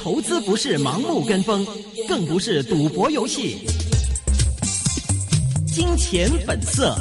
投資不是盲目跟風，更不是賭博遊戲。金錢本色。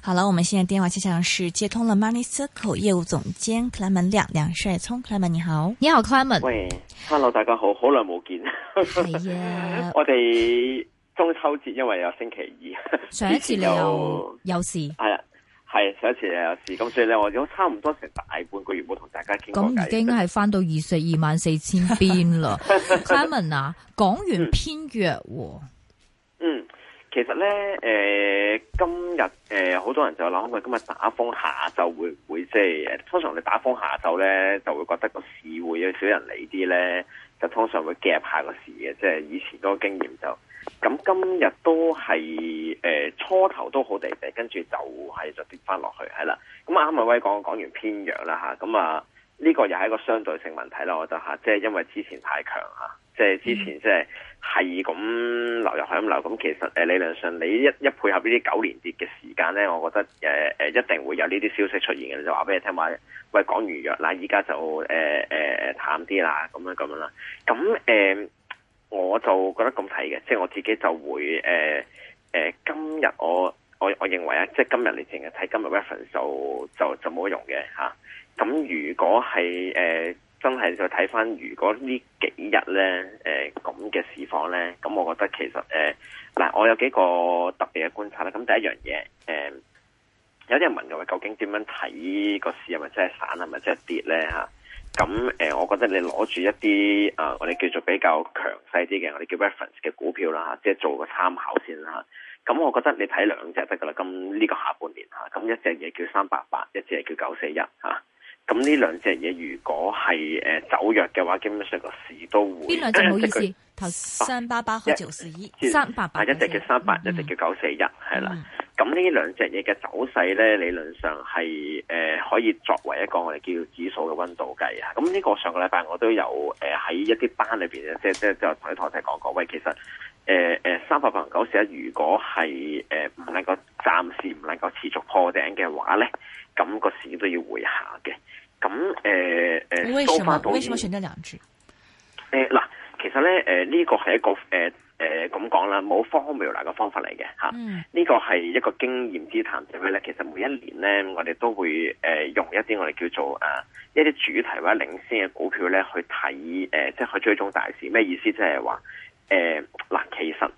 好了，我們現在電話接線是接通了 Money Circle 業務總監克萊門亮，梁帥聰。克萊門，你好，你好，克萊門。喂。hello，大家好，好耐冇見。 啊、我哋中秋節因為有星期二，上一次你有，有事，係啊，係上一次你又有事，咁所以咧我差唔多成大半個月冇同大家傾。咁已經係返到二十二萬四千邊啦 Simon 啊，講完偏弱、哦。 嗯其實咧，誒、呃，今日誒，好、呃、多人就諗，佢今日打風下晝會唔會即係、就是，通常你打風下晝咧，就會覺得個市會有少人嚟啲咧，就通常會夾下個市嘅，即係以前嗰個經驗就，咁今日都係誒、呃、初頭都好地地，跟住，就係就跌翻落去，係啦，咁阿麥威講講完偏弱啦吓，咁啊呢、這個又係一個相對性問題啦，我覺得吓、啊，即係因為之前太強吓。啊即係、嗯、之前，即係係咁流入，係咁流。咁其實誒，理論上你一一配合呢啲九年跌嘅時間咧，我覺得誒誒、呃，一定會有呢啲消息出現嘅。就話俾你聽，話喂講如約，嗱，依家就誒誒淡啲啦，咁樣咁樣啦。咁誒、呃，我就覺得咁睇嘅，即係我自己就會誒誒、呃呃，今日我我我認為啊，即係今日你淨係睇今日 reference 就就就冇用嘅吓。咁如果係誒。呃真係再睇翻，如果呢幾日呢，誒咁嘅市況呢，咁、嗯、我覺得其實誒，嗱、呃，我有幾個特別嘅觀察咧。咁、嗯、第一樣嘢，誒、嗯，有啲人問嘅究竟點樣睇個市，係咪真係散，係咪真係跌呢？吓、啊，咁、嗯、誒、嗯，我覺得你攞住一啲誒、呃，我哋叫做比較強勢啲嘅，我哋叫 reference 嘅股票啦、啊、即係做個參考先啦。咁、啊嗯、我覺得你睇兩隻得噶啦。咁、嗯、呢、這個下半年吓，咁、啊、一隻嘢叫三八八，一隻係叫九四一吓。咁呢兩隻嘢如果係誒走弱嘅話，基本上個市都會。邊兩隻？哎、唔好意思，頭三八八開始，三八八一隻叫三八，一隻叫九四一 300,、嗯，係啦。咁、嗯、呢兩隻嘢嘅走勢咧，理論上係誒、呃、可以作為一個我哋叫指數嘅温度計啊。咁呢個上個禮拜我都有誒喺、呃、一啲班裏邊，即即就同堂同學仔講過，喂，其實誒誒、呃呃、三八八九四一，如果係誒唔能夠暫時唔能夠持續破頂嘅話咧。咁個市都要回下嘅，咁誒誒收到先。呃、為什麼？為什麼選呢兩隻？誒嗱、呃，其實咧誒呢、呃這個係一個誒誒咁講啦，冇、呃呃、formula 嘅方法嚟嘅嚇。呢、嗯、個係一個經驗之談，點解咧？其實每一年咧，我哋都會誒、呃、用一啲我哋叫做啊、呃、一啲主題或者領先嘅股票咧去睇誒、呃，即係去追蹤大市。咩意思就？即係話誒嗱，其實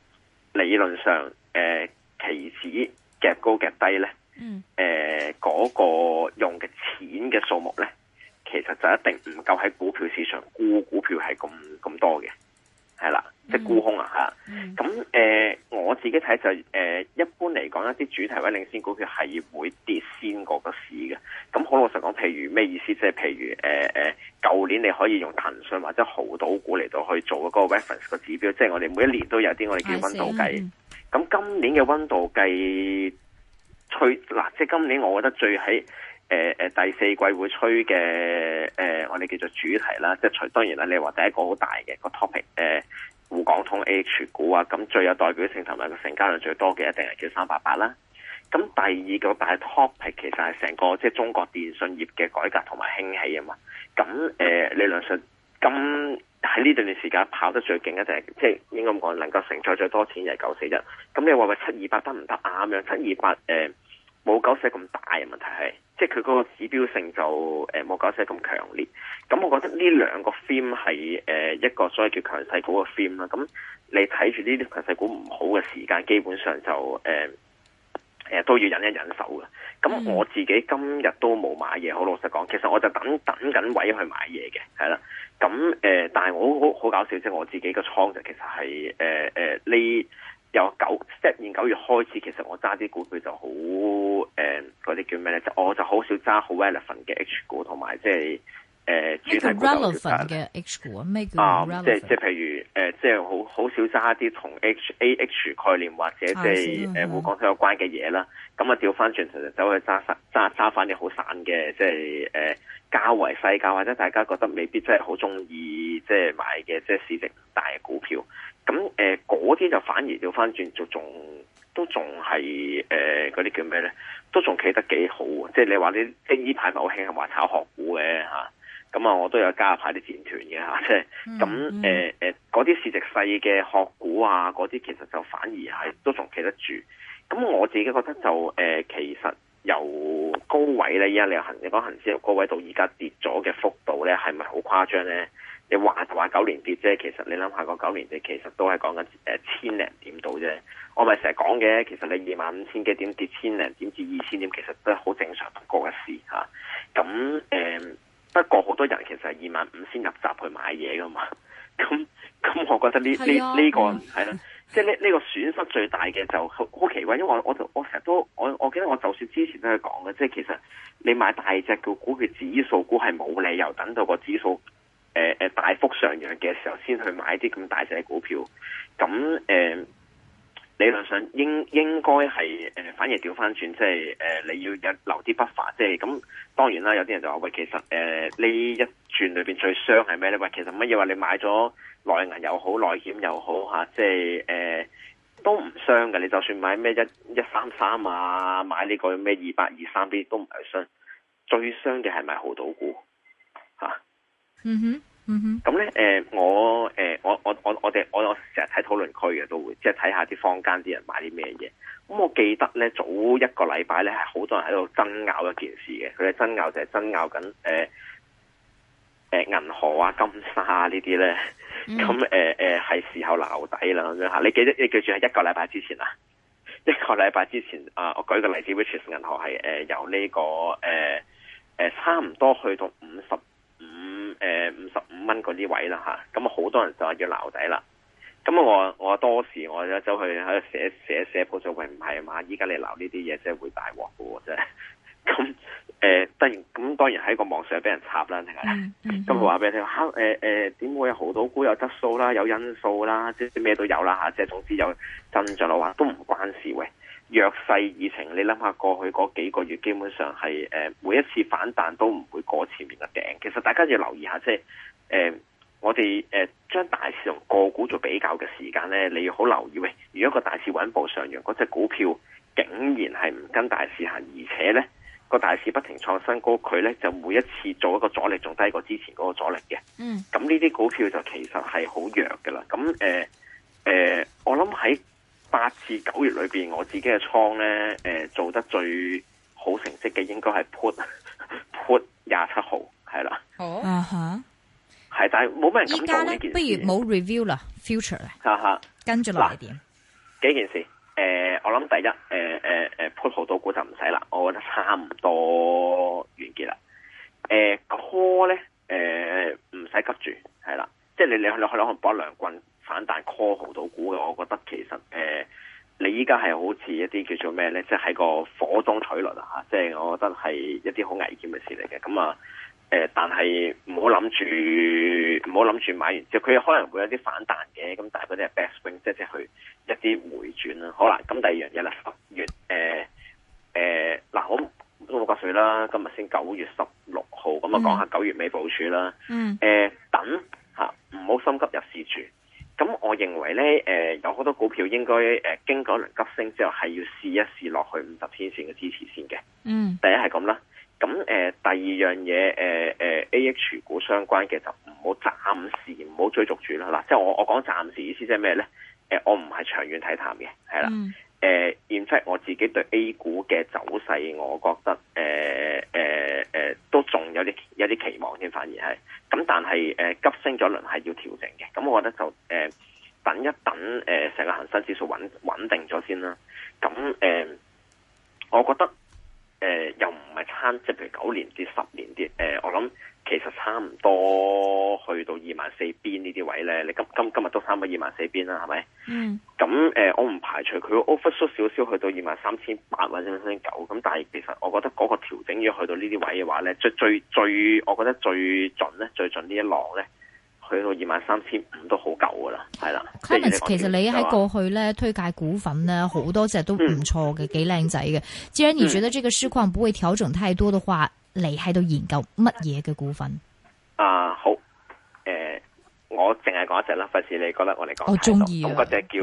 理論上誒期指夾高夾低咧。呢嗯，誒、呃、嗰、那個用嘅錢嘅數目咧，其實就一定唔夠喺股票市場沽股票係咁咁多嘅，係啦，即、就、係、是、沽空啊吓。咁誒、嗯嗯呃，我自己睇就誒、呃，一般嚟講一啲主題位領先股票係會跌先過個市嘅。咁好老實講，譬如咩意思？即係譬如誒誒、舊、呃、年你可以用騰訊或者豪賭股嚟到去做嗰個 reference 個指標，即、就、係、是、我哋每一年都有啲我哋叫溫度計。咁、哎、喲今年嘅溫度計。吹嗱，即係今年，我覺得最喺誒誒第四季會吹嘅誒，我哋叫做主題啦，即係除當然啦，你話第一個好大嘅、那個 topic，誒、呃，滬港通 A H 股啊，咁最有代表性同埋個成交量最多嘅一定係叫三八八啦。咁第二個大 topic 其實係成個即係、就是、中國電信業嘅改革同埋興起啊嘛。咁誒、呃，理論上咁。喺呢段段時間跑得最勁嘅就係、是，即係應該我能夠承載最多錢就係九四一。咁你話喂，七二八得唔得啊？咁樣七二八誒冇九四咁大嘅問題係，即係佢嗰個指標性就誒冇九四咁強烈。咁我覺得呢兩個 Theme 係誒一個所謂叫強勢股嘅 Theme 啦。咁你睇住呢啲強勢股唔好嘅時間，基本上就誒誒、呃呃、都要忍一忍手嘅。咁我自己今日都冇買嘢，好老實講，其實我就等等緊位去買嘢嘅，係啦。咁誒、呃，但係我好好搞笑啫，即我自己個倉就其實係誒誒，你由九七年九月開始，其實我揸啲股票就好誒，嗰、呃、啲叫咩咧？就是，我就好少揸好 elephant 嘅 H 股同埋，即係。誒，咩叫 relevant 嘅 H 股啊？咩叫 relevant？啊，即係即係，譬如誒，即係好好少揸啲同 H、A、H 概念或者即係誒滬港通有關嘅嘢啦。咁啊，調翻轉就走去揸散揸揸翻啲好散嘅，即係誒交維世界或者大家覺得未必真係好中意即係買嘅，即係市值大嘅股票。咁、嗯、誒，嗰、呃、啲就反而調翻轉，仲仲都仲係誒，嗰啲叫咩咧？都仲企、呃、得幾好。即係你話啲呢？呢排咪好興話炒殼股嘅吓。啊咁啊，我都有加入派啲戰團嘅嚇，即係咁誒誒，嗰、呃、啲市值細嘅學股啊，嗰啲其實就反而係都仲企得住。咁我自己覺得就誒、呃，其實由高位咧，依家你行你講行先，高位到而家跌咗嘅幅度咧，係咪好誇張咧？你話就話九年跌啫，其實你諗下個九年跌，其實都係講緊誒千零點度啫。我咪成日講嘅，其實你二萬五千幾點跌千零點至二千點，其實都好正常不過嘅事嚇。咁、啊、誒。不過好多人其實係二萬五先入閘去買嘢噶嘛，咁、嗯、咁、嗯嗯、我覺得呢呢呢個係咯，即係呢呢個損失最大嘅，就好奇怪，因為我就我成日都我我記得我就算之前都係講嘅，即係其實你買大隻嘅股票指數股係冇理由等到個指數誒誒、呃、大幅上揚嘅時候先去買啲咁大隻嘅股票，咁誒。呃理論上應應該係誒，反而調翻轉，即係誒、呃，你要有留啲不法。即係咁。當然啦，有啲人就話喂，其實誒，呢一轉裏邊最傷係咩咧？喂，其實乜嘢？話、呃、你買咗內銀又好，內險又好吓、啊，即係誒、呃，都唔傷嘅。你就算買咩一一三三啊，買呢個咩二百二三啲，都唔係傷。最傷嘅係買好賭股吓。嗯、啊、哼。Mm hmm. 嗯哼，咁咧，誒，我，誒，我，我，我，我哋，我，我成日睇討論區嘅，都會，即係睇下啲坊間啲人買啲咩嘢。咁我記得咧，早一個禮拜咧，係好多人喺度爭拗一件事嘅。佢哋爭拗就係爭拗緊，誒、呃，誒、呃，銀河啊，金沙啊呢啲咧。咁、嗯哼，誒，誒、呃，係時候鬧底啦咁樣吓。你記得，你記住係一個禮拜之前啊，一個禮拜之前啊、呃，我舉個例子，w i 匯市銀河係，誒、呃呃，由呢、這個，誒，誒，差唔多去到五十。誒，五十五蚊嗰啲位啦吓，咁好多人就話要留底啦。咁啊我我多時我就走去喺度寫寫寫鋪數，喂，唔係嘛，依家你留呢啲嘢真係會大鑊噶喎，真 係。咁誒，當然咁當然喺個網上俾人插啦，係咪？咁佢話俾你聽，吓誒誒，點會有好多股有質素啦，有因素啦，即係咩都有啦吓，即係總之有增長嘅話都唔關事喂。弱勢疫情，你諗下過去嗰幾個月，基本上係誒、呃、每一次反彈都唔會過前面嘅頂。其實大家要留意下，即係誒我哋誒將大市同個股做比較嘅時間咧，你要好留意。喂、呃，如果個大市穩步上揚，嗰隻股票竟然係唔跟大市行，而且咧個大市不停創新高，佢咧就每一次做一個阻力仲低過之前嗰個阻力嘅。嗯，咁呢啲股票就其實係好弱噶啦咁誒。呃至九月裏邊，我自己嘅倉咧，誒做得最好成績嘅應該係 put put 廿七號係啦。哦，吓，係但係冇咩人敢做呢件事。依家咧，不如冇 review 啦，future 啦，吓吓 着喇，跟住落嚟點？幾件事？誒、呃，我諗第一，誒誒誒 put 號到股就唔使啦，我覺得差唔多完結啦。誒、呃、call 咧，誒唔使急住係啦，即係你你你可可能搏兩棍反彈 call 好到股嘅，我覺得其實誒。呃你依家係好似一啲叫做咩咧？即係喺個火中取栗啊！嚇，即係我覺得係一啲好危險嘅事嚟嘅。咁啊，誒，但係唔好諗住，唔好諗住買完之後，佢可能會有啲反彈嘅。咁但係嗰啲係 best swing，即係去一啲回轉啦。好啦，咁第二樣嘢啦，十月誒誒，嗱，我我過水啦，今日先九月十六號，咁啊，講下九月尾部署啦。嗯。誒，等嚇，唔好心急入市住。咁，我認為咧，誒、呃、有好多股票應該誒、呃、經過一輪急升之後，係要試一試落去五十天線嘅支持先嘅。嗯，第一係咁啦。咁誒、呃，第二樣嘢誒誒，A H 股相關嘅就唔好暫時唔好追逐住啦。嗱，即係我我講暫時意思即係咩咧？誒、呃，我唔係長遠睇淡嘅，係啦。嗯。誒、呃、in fact 我自己對 A 股嘅走勢，我覺得誒誒誒都仲有啲有啲期望先，反而係，咁但係誒、呃、急升咗輪係要調整嘅，咁我覺得就誒、呃、等一等，誒、呃、成個恒生指數穩穩定咗先啦，咁、呃、誒我覺得。誒、呃，又唔係差，即係譬如九年跌十年跌，誒、呃，我諗其實差唔多去到二萬四邊呢啲位咧，你今今今日都差唔多二萬四邊啦，係咪？嗯。咁誒、呃，我唔排除佢 over 縮少少去到二萬三千八或者三千九，咁但係其實我覺得嗰個調整要去到呢啲位嘅話咧，最最最，我覺得最準咧，最準呢一浪咧，去到二萬三千五都好夠噶啦，係啦。Clemens，其實你喺過去咧推介股份咧，好多隻都唔錯嘅，幾靚仔嘅。既然你覺得這個市況不會調整太多的話，你喺度研究乜嘢嘅股份？啊，好，誒、呃，我淨係講一隻啦，費事你覺得我嚟講，我中意。咁嗰隻叫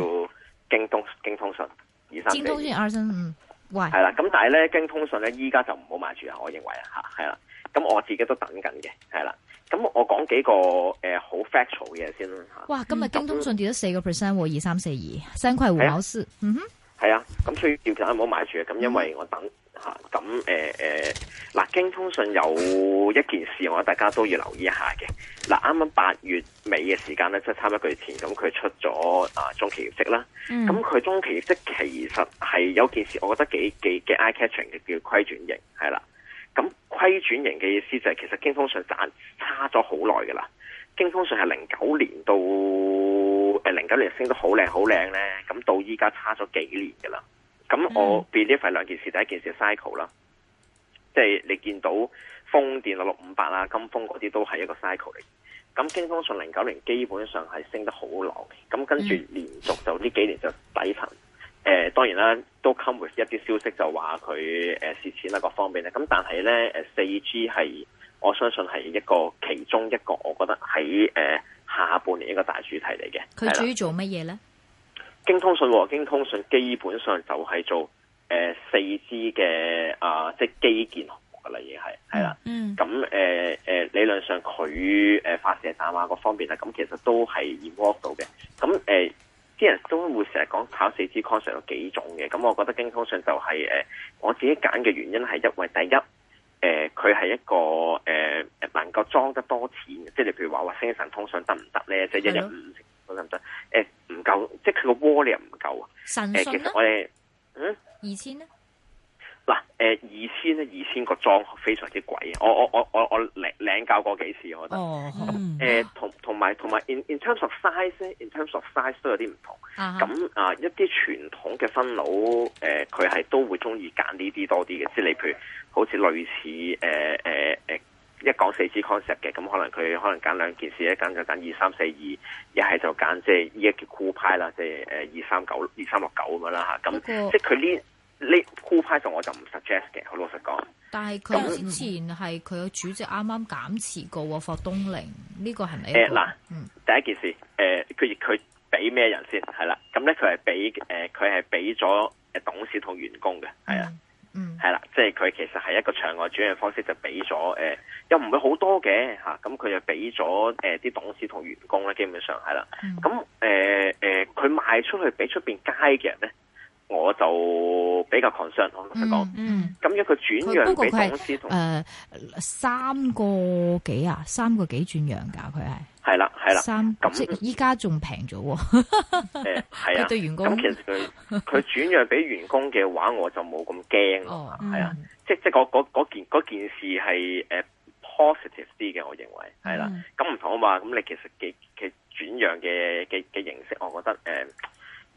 京信通、嗯、京信通訊二三四二，京信通訊二三，嗯，喂。係啦，咁但係咧京信通訊咧，依家就唔好買住啊，我認為啊吓，係啦，咁我自己都等緊嘅，係啦。咁我講幾個誒好、呃、factual 嘅嘢先啦吓。啊、哇，今日京信通訊跌咗四個 percent，二三四二，新葵湖冇事，嗯哼。係啊，咁所以要大家唔好買住啊，咁因為我等吓，咁誒誒，嗱、啊啊、京信通訊有一件事，我大家都要留意一下嘅。嗱、啊，啱啱八月尾嘅時間咧，即、就、係、是、差唔多一個月前，咁佢出咗啊中期業績啦。咁、啊、佢中期業績、嗯、其實係有件事，我覺得幾幾嘅 eye catching 嘅，叫虧轉型係啦。咁批轉型嘅意思就係、是、其實京信通訊，賺差咗好耐噶啦，京信通訊係零九年到誒零九年升得好靚好靚咧，咁到依家差咗幾年噶啦，咁我變呢係兩件事，第一件事 cycle 啦，即係你見到風電六五八啦，金風嗰啲都係一個 cycle 嚟，咁京信通訊零九年基本上係升得好牛，咁跟住連續就呢幾年就底翻。誒、呃，當然啦，都 come with 一啲消息就話佢誒蝕錢啦，呃、各方面咧。咁但係咧，誒四 G 係我相信係一個其中一個，我覺得喺誒、呃、下半年一個大主題嚟嘅。佢主要做乜嘢咧？京信通訊和京信通訊基本上就係做誒四、呃、G 嘅啊、呃，即係基建項目噶啦，已經係係啦。嗯。咁誒誒，理論上佢誒發射打啊，各方面啊，咁其實都係 work 到嘅。咁誒。呃呃啲人都會成日講炒四支 consul 有幾種嘅，咁我覺得京信通訊就係、是、誒、呃，我自己揀嘅原因係因為第一，誒佢係一個誒、呃、能夠裝得多錢，即係你譬如話話星神通訊得唔得咧？即、就、係、是、一日五十得唔得？誒、呃、唔夠，即係佢個 volume 唔夠啊！神信咧，嗯二千咧。嗱，誒二千咧，二千個裝非常之貴啊！我我我我我領領教過幾次，我覺得。哦、oh, um, 嗯，誒同同埋同埋，in in terms of size 咧，in terms of size 都有啲唔同。咁、uh huh. 啊，一啲傳統嘅新佬，誒、啊，佢係都會中意揀呢啲多啲嘅，即係你譬如，如好似類似誒誒誒，一講四支 concept 嘅，咁可能佢可能揀兩件事一揀就揀二三四二，一係就揀即係依家叫酷派啦，即係誒二三九二三六九咁樣啦嚇。咁即係佢呢？呢你酷派就我就唔 suggest 嘅，好老實講。但係佢之前係佢嘅主席啱啱減持過霍東玲呢個係咪？誒嗱、呃，嗯、第一件事，誒佢而佢俾咩人先係啦？咁咧佢係俾誒佢係俾咗誒董事同員工嘅，係啊、嗯，嗯，係啦，即係佢其實係一個場外轉嘅方式就俾咗誒，又唔會好多嘅吓，咁、啊、佢就俾咗誒啲董事同員工咧，基本上係啦，咁誒誒佢賣出去俾出邊街嘅人咧。我就比較 concern，同佢講、嗯。嗯，咁如果轉讓俾公司，誒、呃、三個幾啊，三個幾轉讓㗎？佢係係啦，係啦。三咁依家仲平咗。誒係那啊，咁、 嗯、其實佢佢轉讓俾員工嘅話，我就冇咁驚咯。係啦、哦嗯，即即嗰件件事係誒、uh, positive 啲嘅，我認為係啦。咁唔同啊嘛，咁、嗯、你其實你其嘅轉讓嘅嘅嘅形式，我覺得誒。嗯。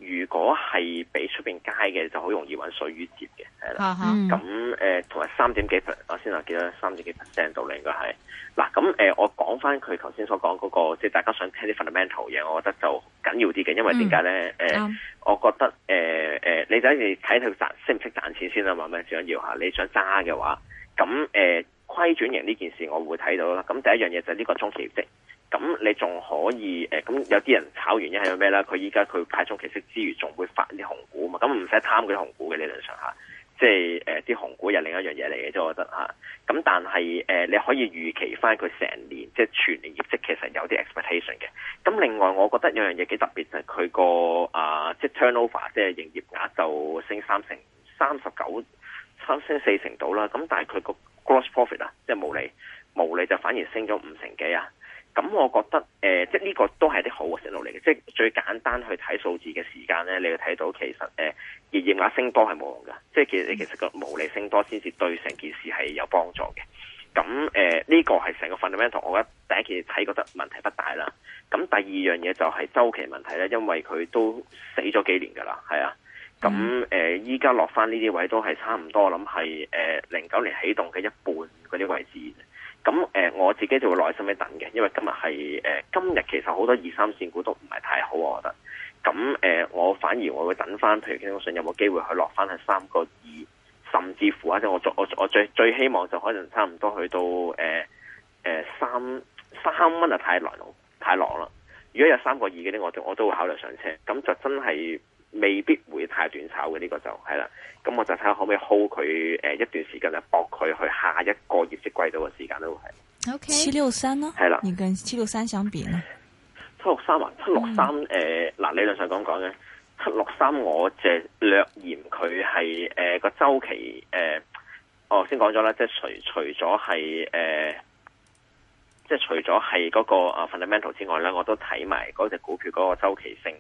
如果係俾出邊街嘅，就好容易揾水魚跌嘅，係啦。咁誒、啊，同埋三點幾，我先頭見到三點幾 percent 度，應該係。嗱，咁誒、呃，我講翻佢頭先所講嗰、那個，即、就、係、是、大家想聽啲 fundamental 嘢，我覺得就緊要啲嘅，因為點解咧？誒、呃嗯呃，我覺得誒誒、呃呃，你睇住睇佢賺識唔識賺錢先啊嘛？咩最緊要嚇？你想揸嘅話，咁誒、呃、虧轉型呢件事，我會睇到啦。咁第一樣嘢就係呢個中期業績。咁你仲可以誒？咁、呃、有啲人炒原因係咩咧？佢依家佢派中期息之餘，仲會發啲紅股啊嘛！咁唔使貪佢紅股嘅理論上嚇，即係誒啲紅股又另一樣嘢嚟嘅，啫。我覺得嚇。咁、啊、但係誒、呃，你可以預期翻佢成年，即係全年業績其實有啲 expectation 嘅。咁、嗯、另外，我覺得有樣嘢幾特別就係佢個啊，即係 turnover，即係營業額就升三成三十九，三升四成到啦。咁但係佢個 gross profit 啊，即係毛利，毛利就反而升咗五成幾啊！咁我覺得，誒、呃，即係呢個都係啲好嘅 s 路嚟嘅，即係最簡單去睇數字嘅時間咧，你要睇到其實，誒、呃，熱熱壓升多係冇用嘅，即係其實你其實個毛利升多先至對成件事係有幫助嘅。咁，誒、呃，呢、這個係成個 fundamental，我覺得第一件睇覺得問題不大啦。咁第二樣嘢就係週期問題咧，因為佢都死咗幾年噶啦，係啊。咁，誒、呃，依家落翻呢啲位都係差唔多，我諗係零九年起動嘅一半嗰啲位置。咁誒、呃，我自己就會耐心啲等嘅，因為今日係誒，今日其實好多二三線股都唔係太好，我覺得。咁誒、呃，我反而我會等翻，譬如京信有冇機會去落翻去三個二，甚至乎，或者我，我最我我最最希望就可能差唔多去到誒誒、呃呃、三三蚊啊，太耐咯，太浪啦！如果有三個二嗰啲，我就我都會考慮上車。咁就真係。未必會太短炒嘅呢、這個就係啦，咁我就睇下可唔可以 hold 佢誒、呃、一段時間，就搏佢去下一個業績季度嘅時間都係。OK. 七六三呢、啊？係啦，你跟七六三相比呢？七六三啊，七六三誒，嗱、嗯呃、理論上講講嘅，七六三我即略嫌佢係誒個週期誒，我先講咗啦，即係除除咗係誒，即係除咗係嗰個啊 fundamental 之外咧，我都睇埋嗰隻股票嗰個週期性。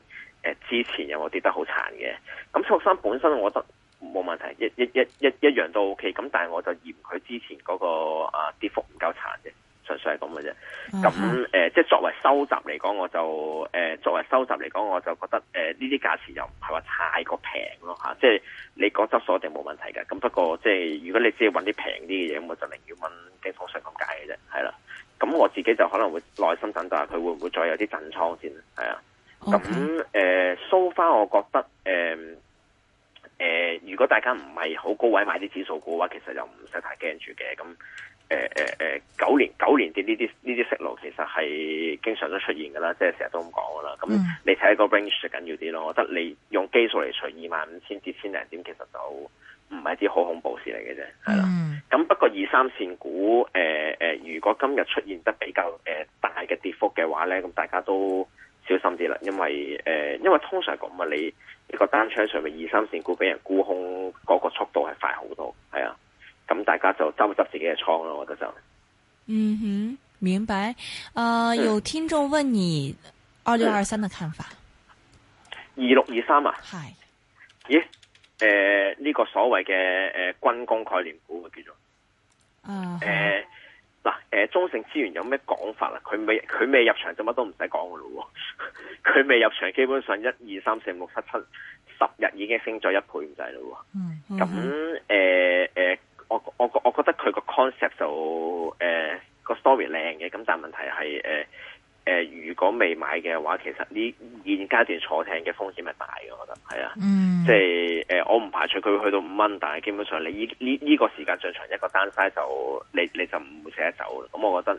之前有冇跌得好慘嘅，咁楚生本身我覺得冇問題，一一一一一樣都 OK，咁但係我就嫌佢之前嗰個啊跌幅唔夠慘嘅，純粹係咁嘅啫。咁、嗯、誒、呃，即係作為收集嚟講，我就誒、呃，作為收集嚟講，我就覺得誒呢啲價錢又唔係話太過平咯吓，即係你個質素定冇問題嘅。咁不過即係如果你只係揾啲平啲嘅嘢，我就寧願揾京信通訊咁解嘅啫。係啦，咁我自己就可能會耐心等待佢會唔會再有啲震倉先，係、嗯、啊。咁誒，so far Okay.、呃，so、far，我覺得誒誒、呃呃，如果大家唔係好高位買啲指數股嘅話，其實又唔使太驚住嘅。咁誒誒誒，九年九年跌呢啲呢啲息路，其實係經常都出現噶啦，即係成日都咁講噶啦。咁、嗯嗯、你睇個 range 最緊要啲咯。我覺得你用基數嚟除二萬五千至千零點，其實就唔係啲好恐怖事嚟嘅啫，係啦。咁、嗯、不過二三線股誒誒、呃呃，如果今日出現得比較誒大嘅跌幅嘅話咧，咁、嗯、大家都。小心啲啦，因為誒，因為通常係咁啊，你一個單窗上面二三線股俾人沽空，嗰個速度係快好多，係啊，咁大家就執一執自己嘅倉咯，我覺得就，嗯哼，明白，啊、呃，有聽眾問你二六二三嘅看法？嗯嗯、二六二三啊，係，咦，誒、呃，呢、這個所謂嘅誒軍工概念股叫做，啊、呃，誒。嗱，誒中盛資源有咩講法啊？佢未佢未入場就乜都唔使講噶咯喎。佢 未入場，基本上一二三四五六七七十日已經升咗一倍，唔使咯喎。咁誒誒，我我我覺得佢個 concept 就誒個 story 靚嘅，咁、呃、但問題係誒。呃誒、呃，如果未買嘅話，其實呢現階段坐艇嘅風險係大嘅，我覺得係啊，嗯、即係誒、呃，我唔排除佢去到五蚊，但係基本上你依依依個時間最長一個單曬就你你就唔會捨得走咁、嗯、我覺得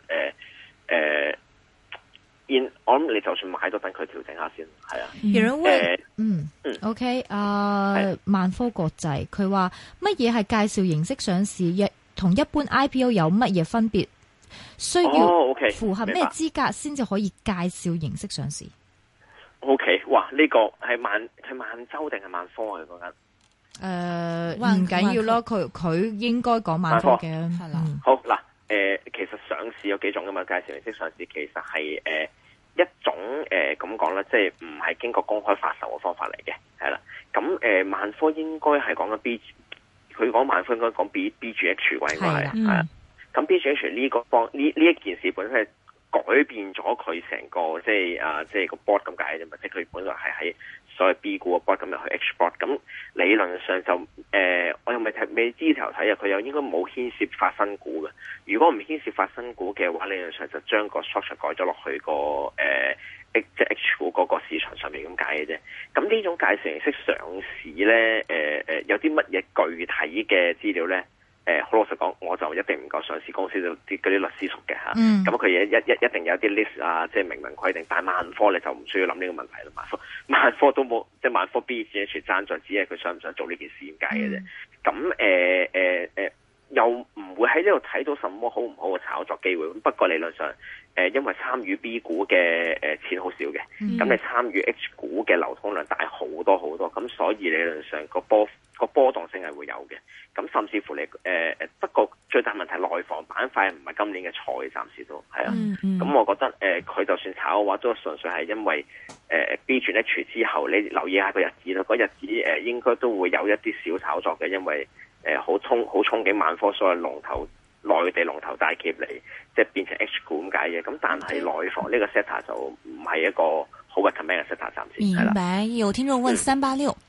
誒誒、呃呃，我諗你就算買都等佢調整下先，係啊。誒嗯嗯，OK 啊，萬科國際佢話乜嘢係介紹形式上市嘅同一般 IPO 有乜嘢分別？需要符合咩資格先至可以介紹形式上市？O、okay, K，哇，呢、這個、呃嗯、係萬係萬洲定係萬科嚟嗰間？誒它，哇，唔緊要咯，佢佢應該講萬科嘅係啦。科嗯、好嗱，誒、呃，其實上市有幾種咁嘛？介紹形式上市其實係誒、呃、一種誒咁講啦，即係唔係經過公開發售嘅方法嚟嘅，係啦。咁、嗯、誒，萬科應該係講緊 B，佢講萬科應該講 B B G H 位，我係係啊。嗯咁 B share 呢個方呢呢一件事本身係改變咗佢成個即係啊即係個 board 咁解嘅啫嘛，即係佢、啊、本來係喺所謂 B 股個 board 咁入去 export 咁理論上就誒、呃、我又未睇未知頭睇啊，佢又應該冇牽涉發生股嘅。如果唔牽涉發生股嘅話，理論上就將個 structure 改咗落去個誒、呃、即係 H 股嗰個市場上面咁解嘅啫。咁呢種介紹形式上市咧誒誒，有啲乜嘢具體嘅資料咧？誒，好老實講，我就一定唔夠上市公司啲嗰啲律師熟嘅吓，咁佢嘢一一一定有啲 list 啊，即係明文規定，但萬科你就唔需要諗呢個問題啦。萬科萬科都冇，即係萬科 B 綫一串爭在，只係佢想唔想做呢件事點解嘅啫。咁誒誒誒。嗯 又唔會喺呢度睇到什麼好唔好嘅炒作機會。不過理論上，誒、呃、因為參與 B 股嘅誒錢好少嘅，咁、mm hmm. 你參與 H 股嘅流通量大好多好多，咁所以理論上個波個波動性係會有嘅。咁甚至乎你誒誒、呃，不過最大問題內房板塊唔係今年嘅菜，暫時都係啊。咁、mm hmm. 我覺得誒，佢、呃、就算炒嘅話，都純粹係因為誒、呃、B 轉 H 之後，你留意下個日子啦。個日子誒、呃、應該都會有一啲小炒作嘅，因為。誒，好憧好憧憬萬科，所謂龍頭內地龍頭大企業嚟，即係變成 H 股咁解嘅。咁但係內房呢個 sector 就唔係一個好 recommend 嘅 sector 暫時明、嗯、白。有聽眾問三八六。嗯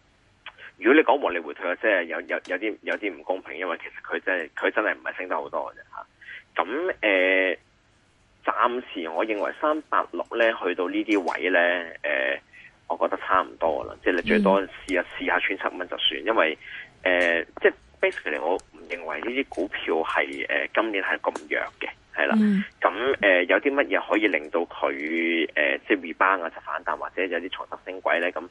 如果你講無利回吐，啊，即係有有有啲有啲唔公平，因為其實佢真係佢真係唔係升得好多嘅嚇。咁、啊、誒、呃，暫時我認為三八六咧去到呢啲位咧，誒、呃，我覺得差唔多啦，即係你最多試啊，試一下穿十蚊就算，因為誒、呃，即係 basically 我唔認為呢啲股票係誒、呃、今年係咁弱。係啦，咁誒、嗯嗯呃，有啲乜嘢可以令到佢誒、呃，即係回巴啊，即反彈，或者有啲創新升軌咧？咁誒、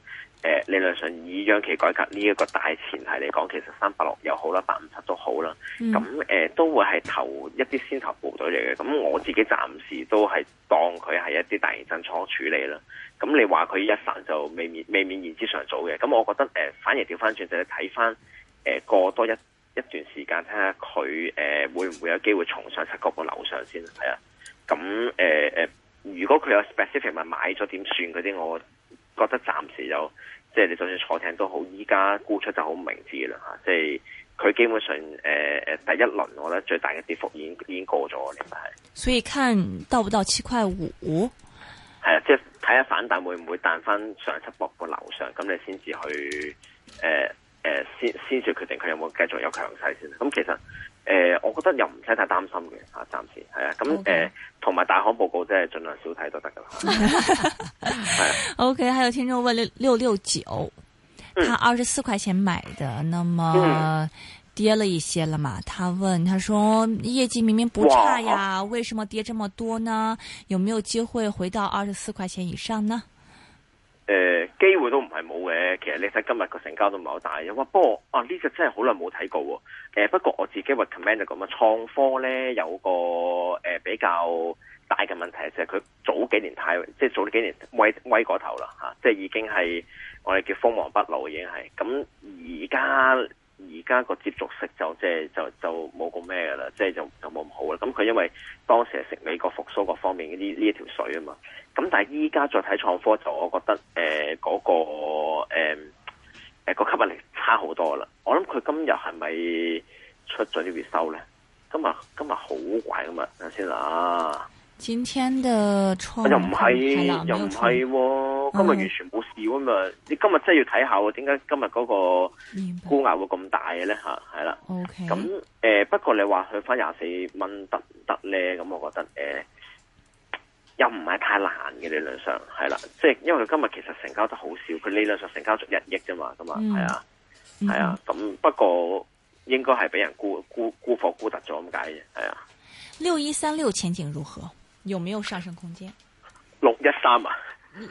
呃，理論上以央企改革呢一個大前提嚟講，其實三百六又好啦，百五十都好啦，咁誒、嗯呃，都會係投一啲先頭部隊嚟嘅。咁我自己暫時都係當佢係一啲大型震倉處理啦。咁你話佢一散就未免未免言之尚早嘅。咁我覺得誒、呃，反而調翻轉頭睇翻誒，過多一。一段時間睇下佢，誒，會唔會有機會重上七角個樓上先係啊。咁誒誒，如果佢有 specific 咪買咗點算嗰啲，我覺得暫時就即係你就算坐艇都好，依家沽出就好唔明智啦吓，即係佢基本上誒誒、呃、第一輪，我覺得最大嘅跌幅已經已經過咗，其實係。所以看到唔到七塊五，係啊，即係睇下反彈會唔會彈翻上七角個樓上，咁你先至去。誒。呃誒、呃，先先說決定佢有冇繼續有強勢先。咁、嗯、其實誒、呃，我覺得又唔使太擔心嘅，暫啊，暫時係啊。咁誒 Okay.、嗯，同埋大行報告即啫，盡量少睇都得噶啦。係。OK，還有聽眾問六六六九，他二十四塊錢買的，那麼跌了一些了嘛？他問，他說業績明明不差呀，為什麼跌這麼多呢？有沒有機會回到二十四塊錢以上呢？誒，機、呃、會都唔係冇嘅，其實你睇今日個成交都唔係好大嘅哇，不過啊，呢、這、隻、個、真係好耐冇睇過喎。誒、呃，不過我自己話 comment 就講嘛，創科咧有個誒、呃、比較大嘅問題就係、是、佢早幾年太即係早幾年威威過頭啦吓、啊，即係已經係我哋叫鋒芒畢露已經係。咁而家。而家個接觸式就即係就就冇個咩嘅啦，即係就就冇咁好啦。咁佢因為當時係食美國復甦各方面呢呢一條水啊嘛。咁但係依家再睇創科，就我覺得誒嗰、呃嗰個誒誒、呃呃嗰個、吸引力差好多啦。我諗佢今日係咪出咗啲 result 咧？今日今日好怪咁嘛，睇先啦。今天的又唔係又唔係、啊，哦、今日完全冇事吖嘛。你、嗯、今日真係要睇下，點解今日嗰個沽壓會咁大嘅咧？吓係啦，咁誒，不過你話佢翻廿四蚊得唔得咧？咁我覺得誒又唔係太難嘅理論上係啦，即係因為佢今日其實成交得好少，佢理論上成交咗一億啫嘛，噶嘛係啊係啊，咁、嗯嗯嗯、不過應該係俾人沽沽沽貨沽突咗咁解嘅係啊。六一三六前景如何？有冇有上升空間？六一三啊，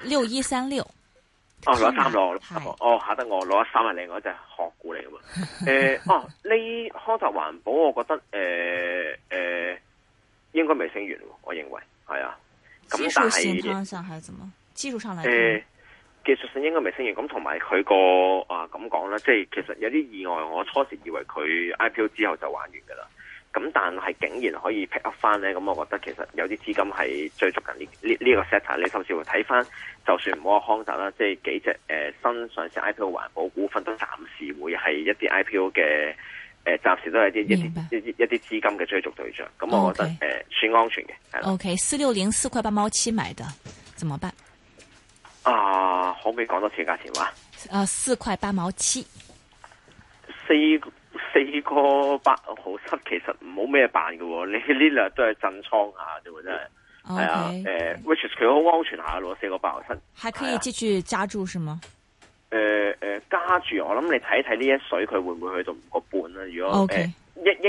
六一三六，哦，攞三攞，哦，吓得我攞一三啊！另外一隻學股嚟噶嘛？誒，哦，呢康達環保，我覺得誒誒、呃呃，應該未升完，我認為係啊，咁大嘅嘢。技術性方向還是麼？技術上嚟？誒、呃，技術性應該未升完，咁同埋佢個啊咁講啦，即係其實有啲意外，我初時以為佢 IPO 之後就玩完噶啦。咁但係竟然可以 pick up 翻咧，咁我覺得其實有啲資金係追逐緊呢呢呢個 set 你甚至會睇翻，就算唔好話康達啦，即係幾隻誒、呃、新上市 IPO 環保股份都暫時會係一啲 IPO 嘅誒、呃，暫時都係一啲白一啲一啲資金嘅追逐對象。咁我覺得誒白、呃、算安全嘅。O K 四六零四塊八毛七買的，怎麼辦？啊，可唔可以講多次價錢話？啊，四塊八毛七。四。四個八號室其實冇咩辦嘅、哦，你呢兩日都係震倉下嘅真係，係啊，誒，which 佢好安全下咯，四個八號室，還可以繼續加注是嗎？誒誒，加住，我諗你睇一睇呢一水佢會唔會去到五個半啦、啊？如果，ok，、呃、應應。